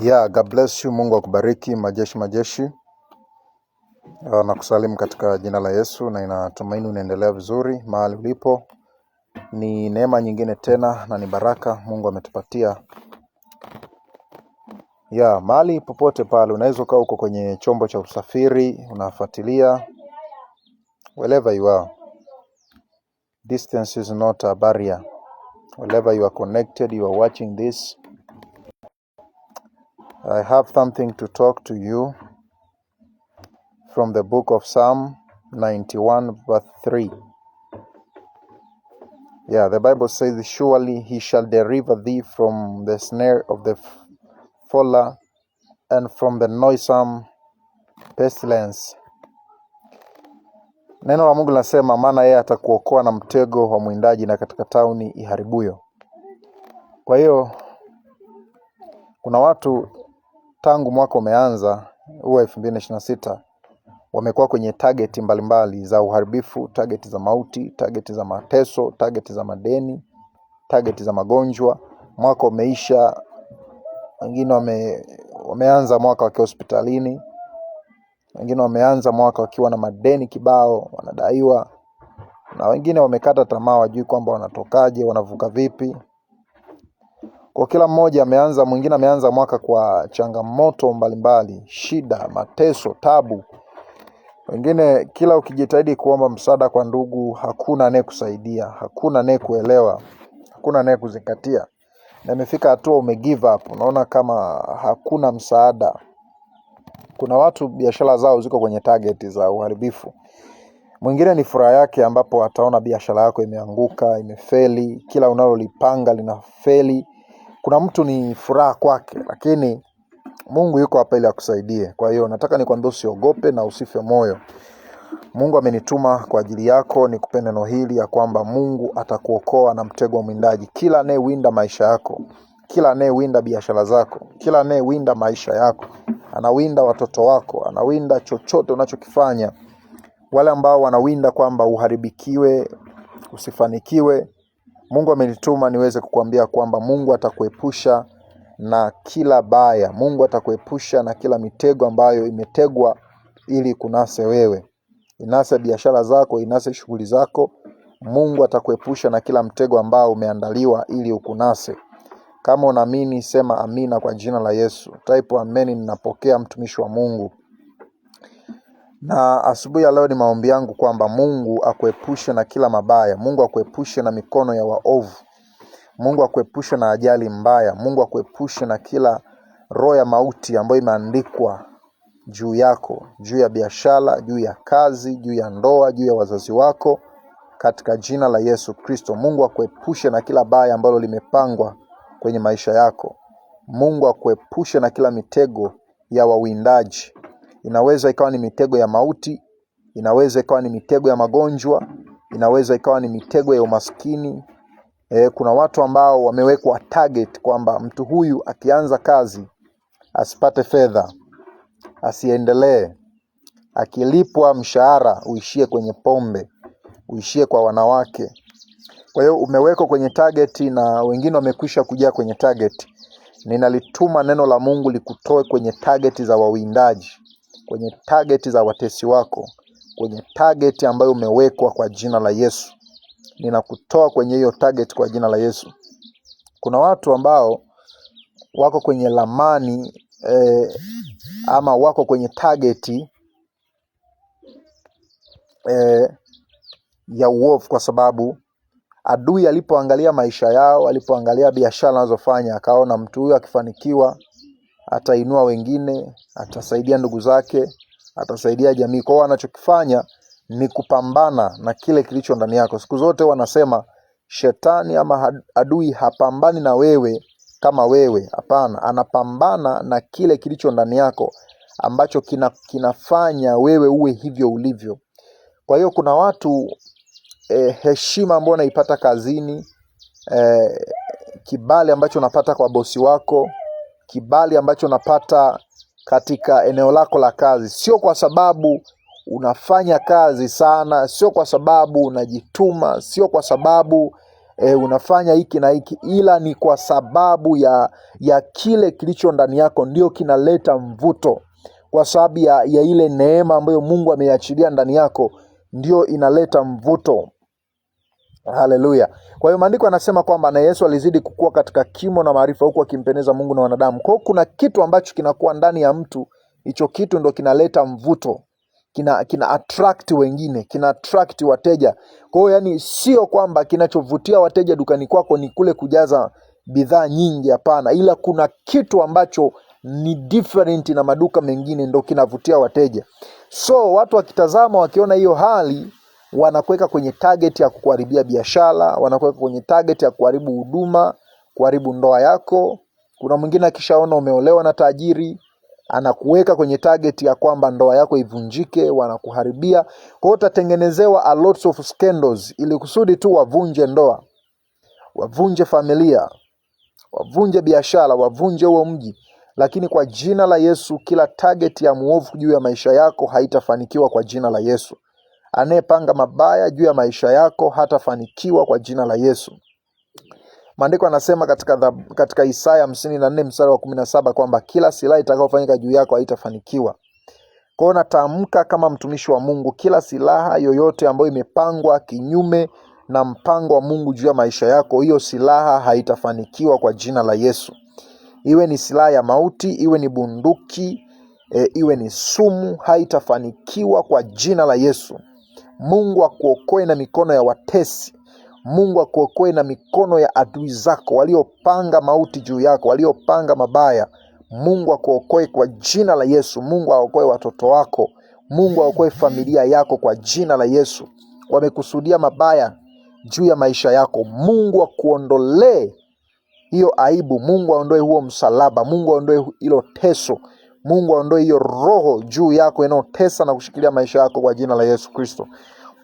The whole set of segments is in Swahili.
Yeah, God bless you. Mungu akubariki majeshi majeshi. Ah, nakusalimu katika jina la Yesu na inatumaini unaendelea vizuri mahali ulipo. Ni neema nyingine tena na ni baraka Mungu ametupatia. Yeah, mahali popote pale unaweza ukawa uko kwenye chombo cha usafiri unafuatilia wherever you are. Distance is not a barrier. Wherever you are connected, you are watching this I have something to talk to you from the book of Psalm 91 verse 3. Yeah, the Bible says, Surely he shall deliver thee from the snare of the fowler and from the noisome pestilence. Neno la Mungu linasema, maana yeye atakuokoa na mtego wa mwindaji na katika tauni iharibuyo. Kwa hiyo kuna watu tangu mwaka umeanza huwa sita wamekuwa kwenye tageti mbalimbali za uharibifu, tageti za mauti, tageti za mateso, tageti za madeni, tageti za magonjwa. Mwaka umeisha, wengine wame, wameanza mwaka wakiwa hospitalini, wengine wameanza mwaka wakiwa na madeni kibao, wanadaiwa, na wengine wamekata tamaa, wajui kwamba wanatokaje, wanavuka vipi. Kwa kila mmoja ameanza, mwingine ameanza mwaka kwa changamoto mbalimbali, shida, mateso, tabu. Wengine kila ukijitahidi kuomba msaada kwa ndugu, hakuna anayekusaidia, hakuna anayekuelewa, hakuna anayekuzingatia, na imefika hatua ume give up, unaona kama hakuna msaada. Kuna watu biashara zao ziko kwenye target za uharibifu. Mwingine ni furaha yake, ambapo ataona biashara yako imeanguka, imefeli, kila unalolipanga linafeli kuna mtu ni furaha kwake, lakini Mungu yuko hapa ili akusaidie. Kwa hiyo nataka nikwambie usiogope na usife moyo. Mungu amenituma kwa ajili yako, nikupe neno hili ya kwamba Mungu atakuokoa na mtego wa mwindaji, kila anayewinda maisha yako, kila anayewinda biashara zako, kila anayewinda maisha yako, anawinda watoto wako, anawinda chochote unachokifanya, wale ambao wanawinda kwamba uharibikiwe, usifanikiwe Mungu amenituma niweze kukuambia kwamba Mungu atakuepusha na kila baya. Mungu atakuepusha na kila mitego ambayo imetegwa ili kunase wewe, inase biashara zako, inase shughuli zako. Mungu atakuepusha na kila mtego ambao umeandaliwa ili ukunase. Kama unaamini sema amina kwa jina la Yesu. Type ameni, ninapokea mtumishi wa Mungu. Na asubuhi ya leo ni maombi yangu kwamba Mungu akuepushe na kila mabaya, Mungu akuepushe na mikono ya waovu, Mungu akuepushe na ajali mbaya, Mungu akuepushe na kila roho ya mauti ambayo imeandikwa juu yako, juu ya biashara, juu ya kazi, juu ya ndoa, juu ya wazazi wako, katika jina la Yesu Kristo. Mungu akuepushe na kila baya ambalo limepangwa kwenye maisha yako. Mungu akuepushe na kila mitego ya wawindaji Inaweza ikawa ni mitego ya mauti, inaweza ikawa ni mitego ya magonjwa, inaweza ikawa ni mitego ya umaskini. E, kuna watu ambao wamewekwa target kwamba mtu huyu akianza kazi asipate fedha, asiendelee, akilipwa mshahara uishie kwenye pombe, uishie kwa wanawake. Kwa hiyo umewekwa kwenye target na wengine wamekwisha kujaa kwenye target. Ninalituma neno la Mungu likutoe kwenye target za wawindaji kwenye target za watesi wako, kwenye target ambayo umewekwa kwa jina la Yesu. Ninakutoa kwenye hiyo target kwa jina la Yesu. Kuna watu ambao wako kwenye lamani eh, ama wako kwenye target eh, ya uovu, kwa sababu adui alipoangalia maisha yao, alipoangalia biashara anazofanya, akaona mtu huyu akifanikiwa atainua wengine, atasaidia ndugu zake, atasaidia jamii. Kwao anachokifanya ni kupambana na kile kilicho ndani yako. Siku zote wanasema shetani ama adui hapambani na wewe kama wewe, hapana, anapambana na kile kilicho ndani yako ambacho kina, kinafanya wewe uwe hivyo ulivyo. Kwa hiyo kuna watu e, heshima ambayo unaipata kazini e, kibali ambacho unapata kwa bosi wako kibali ambacho unapata katika eneo lako la kazi, sio kwa sababu unafanya kazi sana, sio kwa sababu unajituma, sio kwa sababu e, unafanya hiki na hiki, ila ni kwa sababu ya, ya kile kilicho ndani yako ndio kinaleta mvuto, kwa sababu ya, ya ile neema ambayo Mungu ameiachilia ndani yako ndio inaleta mvuto. Haleluya. Kwa hiyo maandiko anasema kwamba na Yesu alizidi kukua katika kimo na maarifa, huku akimpendeza Mungu na wanadamu. Kwa hiyo kuna kitu ambacho kinakuwa ndani ya mtu, hicho kitu ndo kinaleta mvuto, kina kina attract wengine, kina attract wateja. Kwa hiyo yani, sio kwamba kinachovutia wateja dukani kwako ni kule kujaza bidhaa nyingi, hapana, ila kuna kitu ambacho ni different na maduka mengine ndo kinavutia wateja. So watu wakitazama, wakiona hiyo hali wanakuweka kwenye target ya kukuharibia biashara, wanakuweka kwenye target ya kuharibu huduma, kuharibu ndoa yako. Kuna mwingine akishaona umeolewa na tajiri anakuweka kwenye target ya kwamba ndoa yako ivunjike, wanakuharibia. Kwa hiyo utatengenezewa a lots of scandals ili kusudi tu wavunje ndoa, wavunje familia, wavunje biashara, wavunje huo mji. Lakini kwa jina la Yesu, kila target ya mwovu juu ya maisha yako haitafanikiwa kwa jina la Yesu. Anayepanga mabaya juu ya maisha yako hatafanikiwa kwa jina la Yesu. Maandiko anasema katika, katika Isaya hamsini na nne mstari wa kumi na saba kwamba kila silaha itakayofanyika juu yako haitafanikiwa. Kwa hiyo natamka kama mtumishi wa Mungu, kila silaha yoyote ambayo imepangwa kinyume na mpango wa Mungu juu ya maisha yako, hiyo silaha haitafanikiwa kwa jina la Yesu. Iwe ni silaha ya mauti, iwe ni bunduki e, iwe ni sumu, haitafanikiwa kwa jina la Yesu. Mungu akuokoe na mikono ya watesi. Mungu akuokoe na mikono ya adui zako waliopanga mauti juu yako, waliopanga mabaya. Mungu akuokoe kwa jina la Yesu. Mungu aokoe watoto wako. Mungu aokoe familia yako kwa jina la Yesu. Wamekusudia mabaya juu ya maisha yako, Mungu akuondolee hiyo aibu. Mungu aondoe huo msalaba. Mungu aondoe hilo teso. Mungu aondoe hiyo roho juu yako inayotesa na kushikilia maisha yako kwa jina la Yesu Kristo.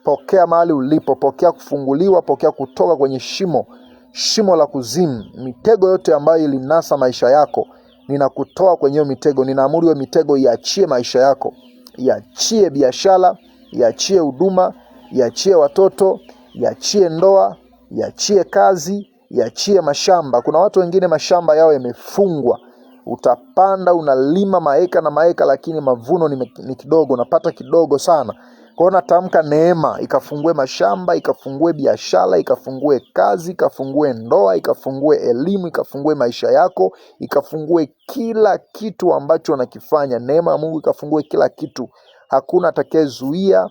Pokea mahali ulipo, pokea kufunguliwa, pokea kutoka kwenye shimo, shimo la kuzimu, mitego yote ambayo ilinasa maisha yako. Ninakutoa kwenye hiyo mitego, ninaamuru hiyo mitego iachie maisha yako, iachie biashara, iachie huduma, iachie watoto, iachie ndoa, iachie kazi, iachie mashamba. Kuna watu wengine mashamba yao yamefungwa utapanda unalima maeka na maeka, lakini mavuno ni, ni kidogo, unapata kidogo sana. Kwa hiyo natamka neema ikafungue mashamba, ikafungue biashara, ikafungue kazi, ikafungue ndoa, ikafungue elimu, ikafungue maisha yako, ikafungue kila kitu ambacho unakifanya. Neema ya Mungu ikafungue kila kitu. Hakuna atakayezuia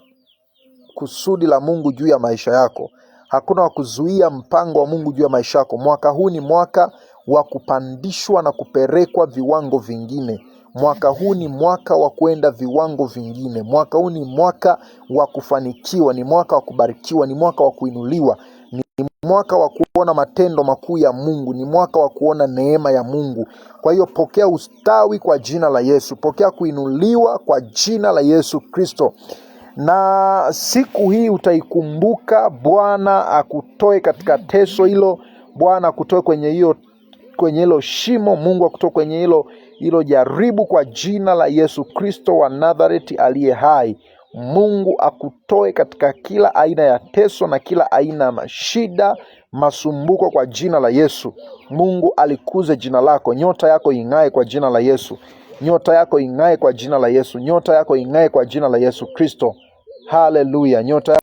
kusudi la Mungu juu ya maisha yako. Hakuna wa kuzuia mpango wa Mungu juu ya maisha yako. Mwaka huu ni mwaka wa kupandishwa na kupelekwa viwango vingine. Mwaka huu ni mwaka wa kwenda viwango vingine. Mwaka huu ni mwaka wa kufanikiwa, ni mwaka wa kubarikiwa, ni mwaka wa kuinuliwa, ni mwaka wa kuona matendo makuu ya Mungu, ni mwaka wa kuona neema ya Mungu. Kwa hiyo pokea ustawi kwa jina la Yesu, pokea kuinuliwa kwa jina la Yesu Kristo. Na siku hii utaikumbuka. Bwana akutoe katika teso hilo, Bwana akutoe kwenye hiyo kwenye hilo shimo, Mungu akutoe kwenye hilo hilo jaribu, kwa jina la Yesu Kristo wa Nazareti aliye hai. Mungu akutoe katika kila aina ya teso na kila aina ya mashida, masumbuko, kwa jina la Yesu. Mungu alikuze jina lako, nyota yako ing'ae kwa jina la Yesu, nyota yako ing'ae kwa jina la Yesu, nyota yako ing'ae kwa jina la Yesu Kristo. Haleluya, nyota